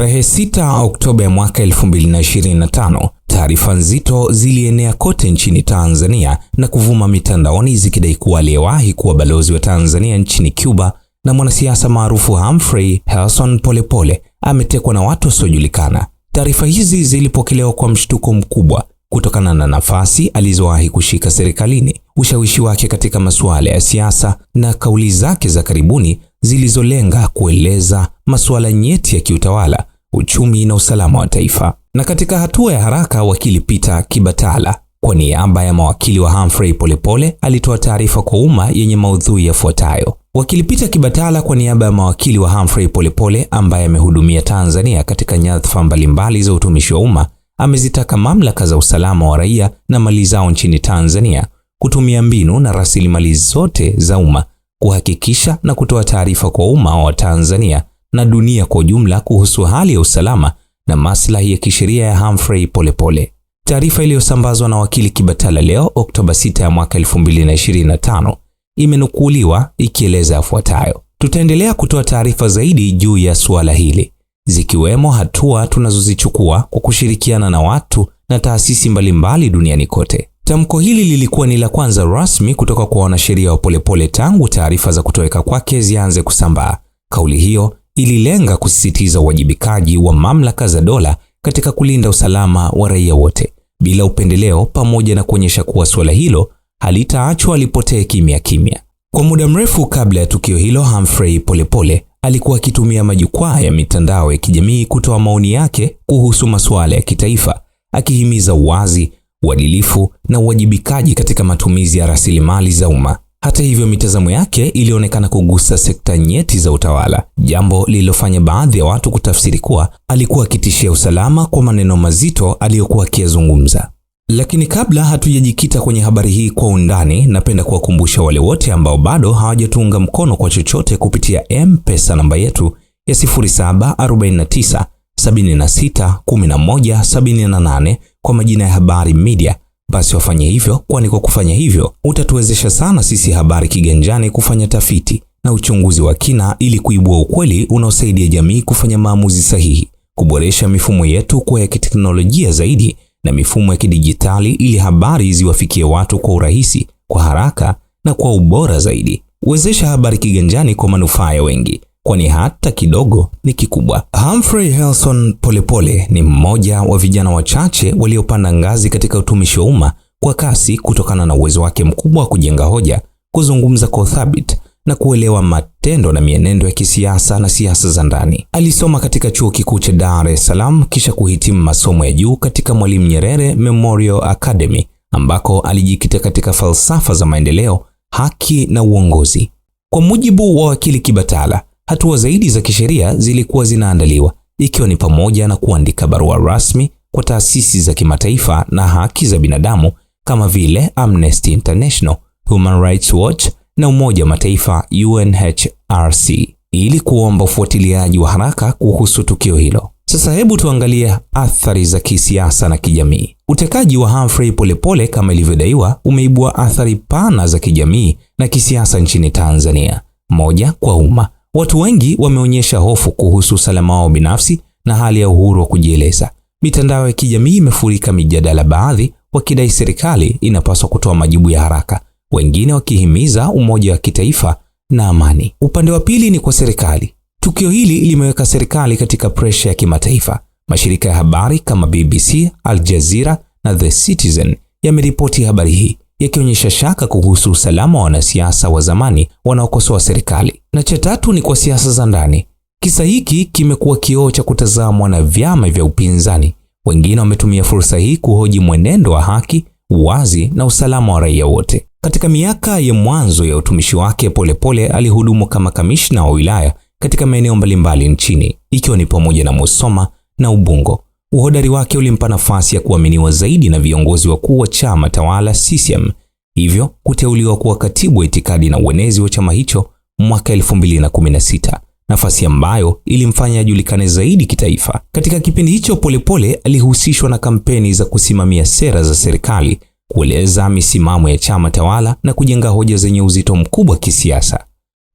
Tarehe 6 Oktoba ya mwaka 2025, taarifa nzito zilienea kote nchini Tanzania na kuvuma mitandaoni zikidai kuwa aliyewahi kuwa balozi wa Tanzania nchini Cuba na mwanasiasa maarufu Humphrey Helson Polepole ametekwa na watu wasiojulikana. Taarifa hizi zilipokelewa kwa mshtuko mkubwa kutokana na nafasi alizowahi kushika serikalini, ushawishi wake katika masuala ya siasa na kauli zake za karibuni zilizolenga kueleza masuala nyeti ya kiutawala uchumi na usalama wa taifa. Na katika hatua ya haraka, wakili Peter Kibatala kwa niaba ya mawakili wa Humphrey Polepole alitoa taarifa kwa umma yenye maudhui yafuatayo. Wakili Peter Kibatala kwa niaba ya mawakili wa Humphrey Polepole ambaye amehudumia Tanzania katika nyadhifa mbalimbali za utumishi wa umma amezitaka mamlaka za usalama wa raia na mali zao nchini Tanzania kutumia mbinu na rasilimali zote za umma kuhakikisha na kutoa taarifa kwa umma wa Tanzania na dunia kwa ujumla kuhusu hali ya usalama na maslahi ya kisheria ya Humphrey Polepole. Taarifa iliyosambazwa na wakili Kibatala leo Oktoba 6 ya mwaka 2025 imenukuliwa ikieleza yafuatayo: tutaendelea kutoa taarifa zaidi juu ya suala hili zikiwemo hatua tunazozichukua kwa kushirikiana na watu na taasisi mbalimbali duniani kote. Tamko hili lilikuwa ni la kwanza rasmi kutoka kwa wanasheria wa Polepole tangu taarifa za kutoweka kwake zianze kusambaa. Kauli hiyo ililenga kusisitiza uwajibikaji wa mamlaka za dola katika kulinda usalama wa raia wote bila upendeleo, pamoja na kuonyesha kuwa suala hilo halitaachwa lipotee kimya kimya. Kwa muda mrefu kabla ya tukio hilo, Humphrey Polepole alikuwa akitumia majukwaa ya mitandao ya kijamii kutoa maoni yake kuhusu masuala ya kitaifa, akihimiza uwazi, uadilifu na uwajibikaji katika matumizi ya rasilimali za umma. Hata hivyo, mitazamo yake ilionekana kugusa sekta nyeti za utawala, jambo lililofanya baadhi ya watu kutafsiri kuwa alikuwa akitishia usalama kwa maneno mazito aliyokuwa akiyazungumza. Lakini kabla hatujajikita kwenye habari hii kwa undani, napenda kuwakumbusha wale wote ambao bado hawajatuunga mkono kwa chochote kupitia M-Pesa namba yetu ya 0749 76 11 78 kwa majina ya Habari Media basi wafanye hivyo, kwani kwa kufanya hivyo utatuwezesha sana sisi Habari Kiganjani kufanya tafiti na uchunguzi wa kina ili kuibua ukweli unaosaidia jamii kufanya maamuzi sahihi, kuboresha mifumo yetu kuwa ya kiteknolojia zaidi na mifumo ya kidijitali ili habari ziwafikie watu kwa urahisi, kwa haraka na kwa ubora zaidi. Wezesha Habari Kiganjani kwa manufaa ya wengi kwani hata kidogo ni kikubwa. Humphrey Helson Polepole ni mmoja wa vijana wachache waliopanda ngazi katika utumishi wa umma kwa kasi kutokana na uwezo wake mkubwa wa kujenga hoja, kuzungumza kwa uthabiti na kuelewa matendo na mienendo ya kisiasa na siasa za ndani. Alisoma katika Chuo Kikuu cha Dar es Salaam kisha kuhitimu masomo ya juu katika Mwalimu Nyerere Memorial Academy ambako alijikita katika falsafa za maendeleo, haki na uongozi. Kwa mujibu wa wakili Kibatala, Hatua zaidi za kisheria zilikuwa zinaandaliwa ikiwa ni pamoja na kuandika barua rasmi kwa taasisi za kimataifa na haki za binadamu kama vile Amnesty International, Human Rights Watch na Umoja wa Mataifa UNHRC ili kuomba ufuatiliaji wa haraka kuhusu tukio hilo. Sasa hebu tuangalie athari za kisiasa na kijamii. Utekaji wa Humphrey Polepole kama ilivyodaiwa umeibua athari pana za kijamii na kisiasa nchini Tanzania. Moja, kwa umma Watu wengi wameonyesha hofu kuhusu usalama wao binafsi na hali ya uhuru wa kujieleza. Mitandao ya kijamii imefurika mijadala, baadhi wakidai serikali inapaswa kutoa majibu ya haraka, wengine wakihimiza umoja wa kitaifa na amani. Upande wa pili ni kwa serikali. Tukio hili limeweka serikali katika presha ya kimataifa. Mashirika ya habari kama BBC, Al Jazeera na The Citizen yameripoti habari hii yakionyesha shaka kuhusu usalama wa wanasiasa wa zamani wanaokosoa serikali. Na cha tatu ni kwa siasa za ndani. Kisa hiki kimekuwa kioo cha kutazamwa na vyama vya upinzani. Wengine wametumia fursa hii kuhoji mwenendo wa haki, uwazi na usalama wa raia wote. Katika miaka ya mwanzo ya utumishi wake, Polepole alihudumu kama kamishna wa wilaya katika maeneo mbalimbali nchini, ikiwa ni pamoja na Musoma na Ubungo. Uhodari wake ulimpa nafasi ya kuaminiwa zaidi na viongozi wakuu wa chama tawala CCM, hivyo kuteuliwa kuwa katibu wa itikadi na uenezi wa chama hicho mwaka 2016, nafasi ambayo ilimfanya ajulikane zaidi kitaifa. Katika kipindi hicho, Polepole alihusishwa na kampeni za kusimamia sera za serikali, kueleza misimamo ya chama tawala na kujenga hoja zenye uzito mkubwa kisiasa.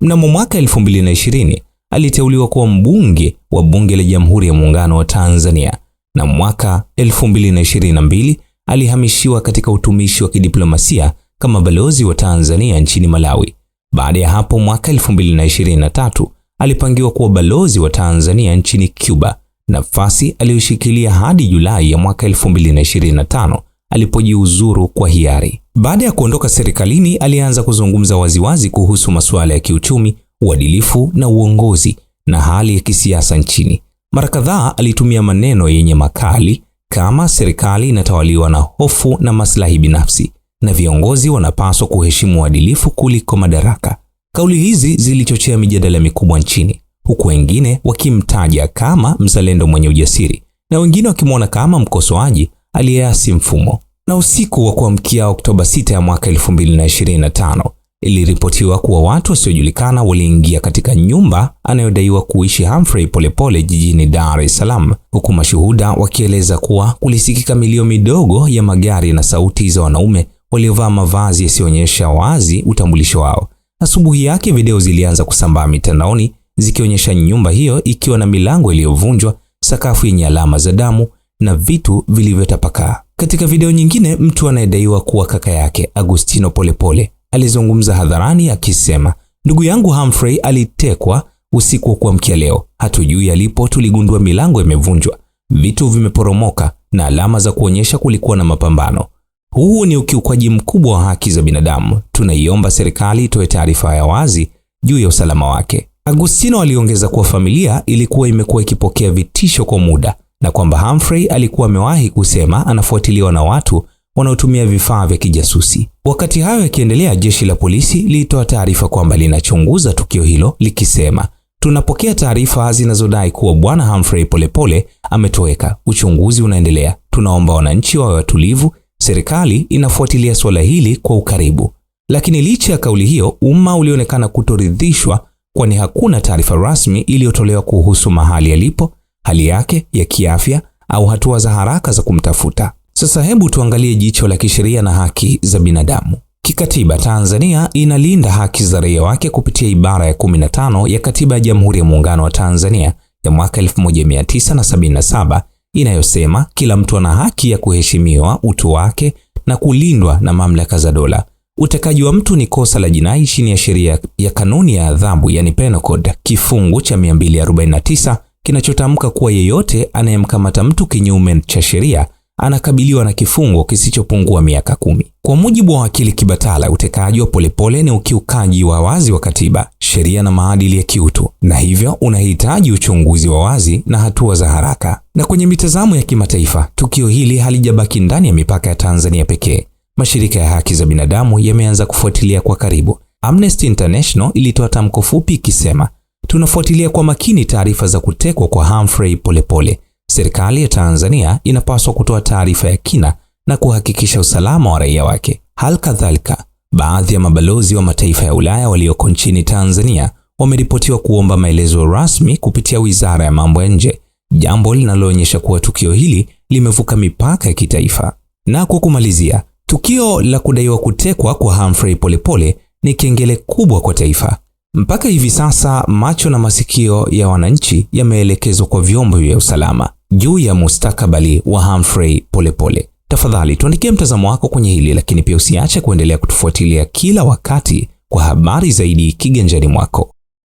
Mnamo mwaka 2020 aliteuliwa kuwa mbunge wa bunge la Jamhuri ya Muungano wa Tanzania na mwaka 2022 alihamishiwa katika utumishi wa kidiplomasia kama balozi wa Tanzania nchini Malawi. Baada ya hapo, mwaka 2023 alipangiwa kuwa balozi wa Tanzania nchini Cuba, nafasi aliyoshikilia hadi Julai ya mwaka 2025 alipojiuzuru kwa hiari. Baada ya kuondoka serikalini, alianza kuzungumza waziwazi kuhusu masuala ya kiuchumi, uadilifu na uongozi na hali ya kisiasa nchini. Mara kadhaa alitumia maneno yenye makali kama serikali inatawaliwa na hofu na maslahi binafsi na viongozi wanapaswa kuheshimu uadilifu kuliko madaraka. Kauli hizi zilichochea mijadala mikubwa nchini, huku wengine wakimtaja kama mzalendo mwenye ujasiri na wengine wakimwona kama mkosoaji aliyeasi mfumo. Na usiku wa kuamkia Oktoba 6 ya mwaka 2025, iliripotiwa kuwa watu wasiojulikana waliingia katika nyumba anayodaiwa kuishi Humphrey Polepole jijini Dar es Salaam, huku mashuhuda wakieleza kuwa kulisikika milio midogo ya magari na sauti za wanaume waliovaa mavazi yasiyoonyesha wazi utambulisho wao. Asubuhi yake video zilianza kusambaa mitandaoni zikionyesha nyumba hiyo ikiwa na milango iliyovunjwa, sakafu yenye alama za damu na vitu vilivyotapakaa. Katika video nyingine, mtu anayedaiwa kuwa kaka yake Agustino Polepole alizungumza hadharani akisema, ndugu yangu Humphrey alitekwa usiku wa kuamkia leo. Hatujui alipo. Tuligundua milango imevunjwa, vitu vimeporomoka na alama za kuonyesha kulikuwa na mapambano. Huu ni ukiukwaji mkubwa wa haki za binadamu. Tunaiomba serikali itoe taarifa ya wazi juu ya usalama wake. Agustino aliongeza kuwa familia ilikuwa imekuwa ikipokea vitisho kwa muda na kwamba Humphrey alikuwa amewahi kusema anafuatiliwa na watu wanaotumia vifaa vya kijasusi. Wakati hayo yakiendelea, jeshi la polisi lilitoa taarifa kwamba linachunguza tukio hilo likisema, tunapokea taarifa zinazodai kuwa bwana Humphrey Polepole ametoweka. Uchunguzi unaendelea. Tunaomba wananchi wawe watulivu. Serikali inafuatilia suala hili kwa ukaribu. Lakini licha ya kauli hiyo, umma ulionekana kutoridhishwa, kwani hakuna taarifa rasmi iliyotolewa kuhusu mahali alipo, hali yake ya kiafya au hatua za haraka za kumtafuta. Sasa hebu tuangalie jicho la kisheria na haki za binadamu. Kikatiba, Tanzania inalinda haki za raia wake kupitia ibara ya 15 ya Katiba ya Jamhuri ya Muungano wa Tanzania ya mwaka 1977 inayosema kila mtu ana haki ya kuheshimiwa utu wake na kulindwa na mamlaka za dola. Utekaji wa mtu ni kosa la jinai chini ya sheria ya kanuni ya adhabu, yani penal code, kifungu cha 249 kinachotamka kuwa yeyote anayemkamata mtu kinyume cha sheria anakabiliwa na kifungo kisichopungua miaka kumi. Kwa mujibu wa wakili Kibatala, utekaji wa Polepole ni ukiukaji wa wazi wa katiba, sheria na maadili ya kiutu, na hivyo unahitaji uchunguzi wa wazi na hatua za haraka. Na kwenye mitazamo ya kimataifa, tukio hili halijabaki ndani ya mipaka ya Tanzania pekee. Mashirika ya haki za binadamu yameanza kufuatilia kwa karibu. Amnesty International ilitoa tamko fupi ikisema, tunafuatilia kwa makini taarifa za kutekwa kwa Humphrey Polepole serikali ya Tanzania inapaswa kutoa taarifa ya kina na kuhakikisha usalama wa raia wake. Hal kadhalika, baadhi ya mabalozi wa mataifa ya Ulaya walioko nchini Tanzania wameripotiwa kuomba maelezo rasmi kupitia Wizara ya Mambo ya Nje, jambo linaloonyesha kuwa tukio hili limevuka mipaka ya kitaifa. Na kwa kumalizia, tukio la kudaiwa kutekwa kwa Humphrey Polepole ni kengele kubwa kwa taifa. Mpaka hivi sasa macho na masikio ya wananchi yameelekezwa kwa vyombo vya usalama juu ya mustakabali wa Humphrey Polepole. Tafadhali tuandikie mtazamo wako kwenye hili, lakini pia usiache kuendelea kutufuatilia kila wakati kwa habari zaidi kiganjani mwako.